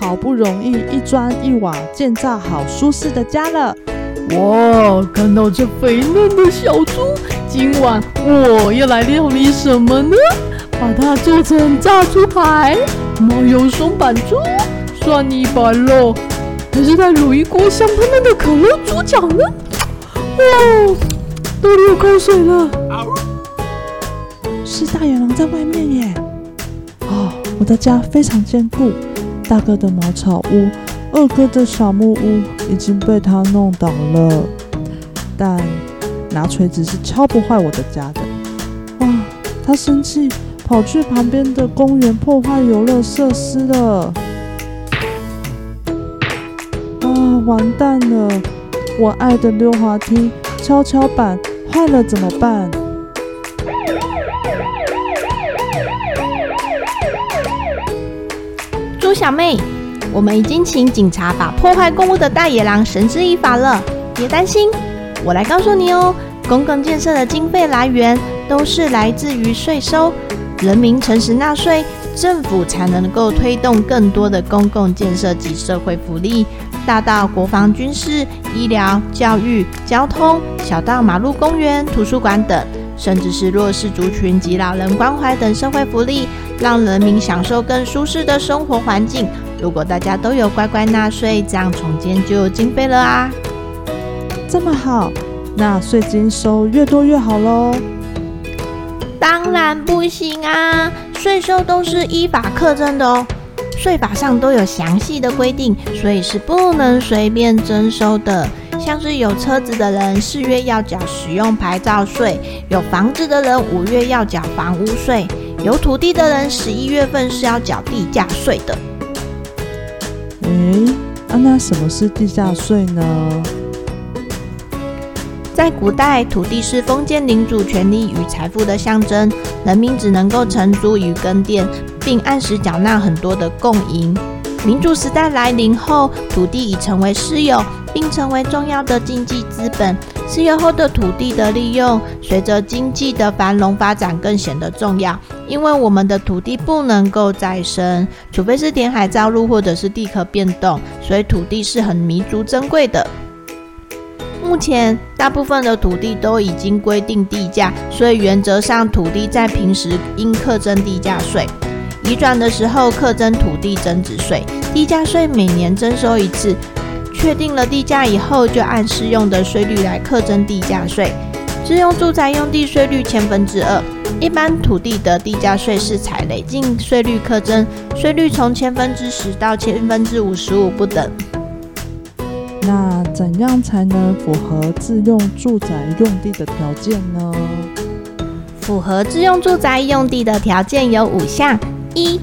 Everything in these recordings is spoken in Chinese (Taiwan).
好不容易一磚一瓦建造好舒適的家了，哇！看到這肥嫩的小豬，今晚我要來料理什麼呢？把它做成炸豬排、毛油松阪豬，蒜泥白肉，還是再滷一鍋香噴噴的可樂豬腳呢？哇，都流口水了。是大野狼在外面耶！啊、哦，我的家非常堅固。大哥的茅草屋，二哥的小木屋已經被他弄倒了。但拿錘子是敲不壞我的家的。哇，他生氣，跑去旁邊的公園破壞遊樂設施了。啊，完蛋了！我愛的溜滑梯、蹺蹺板壞了怎麼辦？豬小妹，我們已經請警察把破壞公物的大野狼繩之以法了。別擔心，我來告訴你哦。公共建設的經費來源都是來自於稅收，人民誠實納稅，政府才能夠推動更多的公共建設及社會福利，大到國防、軍事、醫療、教育、交通，小到馬路、公園、圖書館等。甚至是弱勢族群及老人關懷等社會福利，讓人民享受更舒適的生活環境。如果大家都有乖乖納稅，這樣重建就有經費了啊！這麼好，那稅金收越多越好嘍？當然不行啊！稅收都是依法課徵的哦，稅法上都有詳細的規定，所以是不能隨便徵收的。像是有車子的人四月要繳使用牌照稅，有房子的人五月要繳房屋稅，有土地的人十一月份是要繳地價稅的。嗯、欸啊、那什麼是地價稅呢？在古代，土地是封建領主權力與財富的象徵，人民只能夠承租與耕佃，並按時繳納很多的貢銀。民主時代來臨後，土地已成為私有。並成為重要的經濟資本。石油後的土地的利用，隨着經濟的繁榮發展更顯得重要，因為我們的土地不能夠再生，除非是填海造陸或者是地殼變動。所以土地是很彌足珍貴的。目前大部分的土地都已經規定地價，所以原則上土地在平時應課徵地價稅，移轉的時候課徵土地增值稅。地價稅每年徵收一次。確定了地價以後，就按適用的稅率來課徵地價稅。自用住宅用地稅率千分之二，一般土地的地價稅是採累進稅率課徵，稅率從千分之十到千分之五十五不等。那怎樣才能符合自用住宅用地的條件呢？符合自用住宅用地的條件有五項：一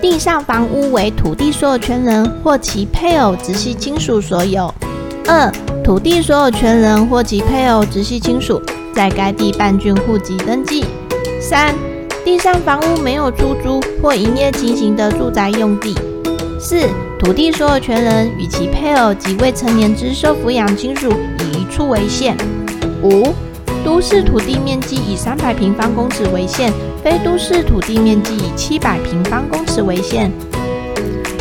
地上房屋為土地所有權人或其配偶、直系親屬所有；二、土地所有權人或其配偶、直系親屬在該地辦竣戶籍登記；三、地上房屋沒有出租或營業情形的住宅用地；四、土地所有權人與其配偶及未成年之受撫養親屬以一處為限；五、都市土地面積以三百平方公尺為限。非都市土地面積以七百平方公尺為限，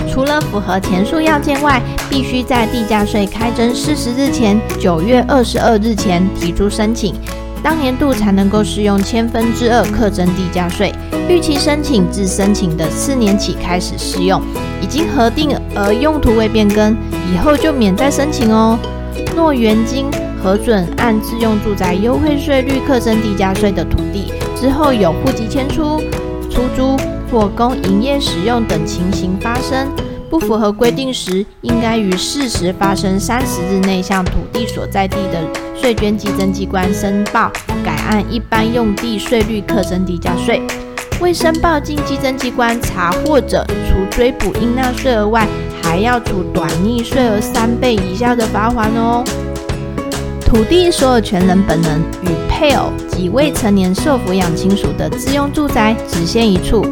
除了符合前述要件外，必須在地價稅開徵四十日前（九月二十二日前）提出申請，當年度才能夠適用千分之二課徵地價稅。逾期申請自申請的次年起開始適用，已經核定而用途未變更，以後就免再申請哦。若原經核准按自用住宅優惠稅率課徵地價稅的土地，之後有戶籍遷出、出租或供營業使用等情形發生，不符合規定時，應該於事實發生三十日內向土地所在地的稅捐稽徵機關申報，改按一般用地稅率課徵地價稅。未申報經稽徵機關查獲者，除追補應納稅額外，還要處短匿稅額三倍以下的罰款哦。土地所有權人本人與配偶。以未成年受扶養親屬的自用住宅只限一處，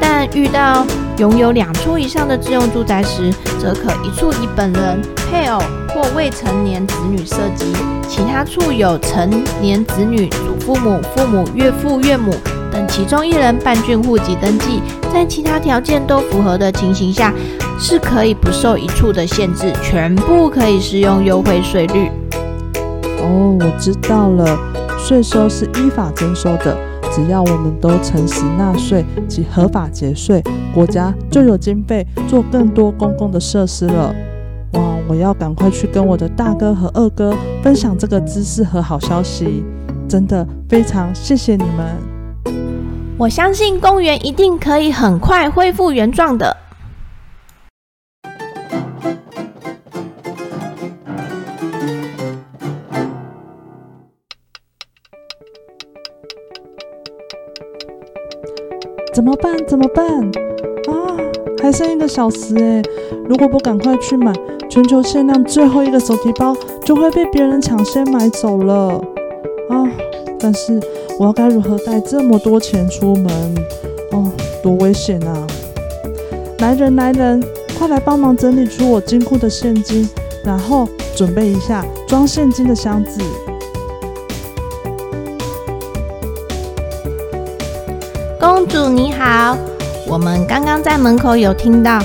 但遇到擁有兩處以上的自用住宅時，則可一處以本人、配偶或未成年子女設籍，其他處有成年子女、祖父母、父母、岳父、岳母等其中一人辦竣戶籍登記，在其他條件都符合的情形下，是可以不受一處的限制，全部可以適用優惠稅率。哦，我知道了。稅收是依法徵收的，只要我們都誠實納稅及合法節稅，國家就有經費做更多公共的設施了。哇，我要趕快去跟我的大哥和二哥分享這個知識和好消息，真的非常謝謝你們！我相信公園一定可以很快恢復原狀的。怎麼辦？怎麼辦？啊，還剩一個小時誒。如果不趕快去買全球限量最後一個手提包，就會被別人搶先買走了啊！但是我要該如何帶這麼多錢出門？哦，多危險啊！來人來人，快來幫忙整理出我金庫的現金，然後準備一下裝現金的箱子。公主你好，我們剛剛在門口有聽到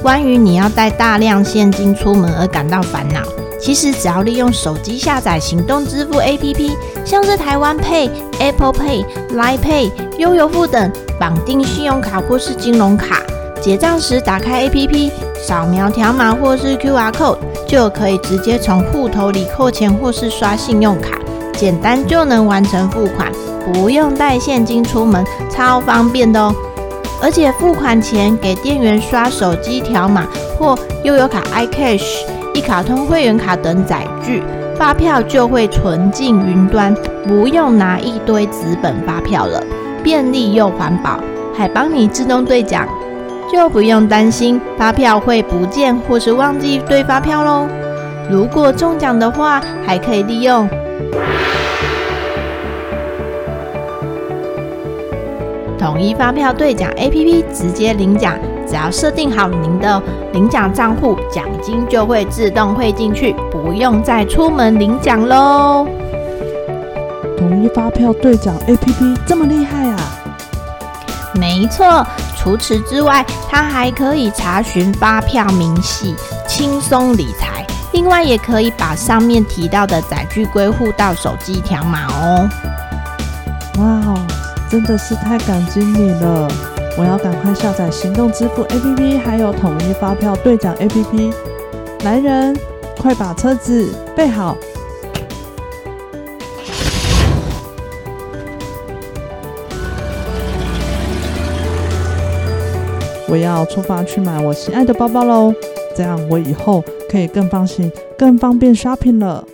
關於你要帶大量現金出門而感到煩惱。其實只要利用手機下載行動支付 APP，像是台灣 Pay、Apple Pay、Line Pay、悠遊付等，綁定信用卡或是金融卡，結賬時打開 APP，掃描條碼或是 QR code，就可以直接從戶頭裡扣錢或是刷信用卡，簡單就能完成付款。不用帶現金出門，超方便的哦！而且付款前給店員刷手機條碼或悠遊卡、iCash、一卡通會員卡等載具，發票就會存進雲端，不用拿一堆紙本發票了，便利又環保，還幫你自動兌獎，就不用擔心發票會不見或是忘記兌發票嘍。如果中獎的話，還可以利用。統一發票兌獎 A P P 直接領獎，只要設定好您的領獎賬戶，獎金就會自動匯進去，不用再出門領獎嘍。統一發票兌獎 A P P 這麼厲害啊？沒錯，除此之外，它還可以查詢發票明細，輕鬆理財。另外，也可以把上面提到的載具歸戶到手機條碼哦。哇哦！真的是太感激你了！我要趕快下載行動支付 APP，還有統一發票兌獎 APP。來人，快把車子備好！我要出發去買我心愛的包包嘍，這樣我以後可以更放心、更方便 shopping 了。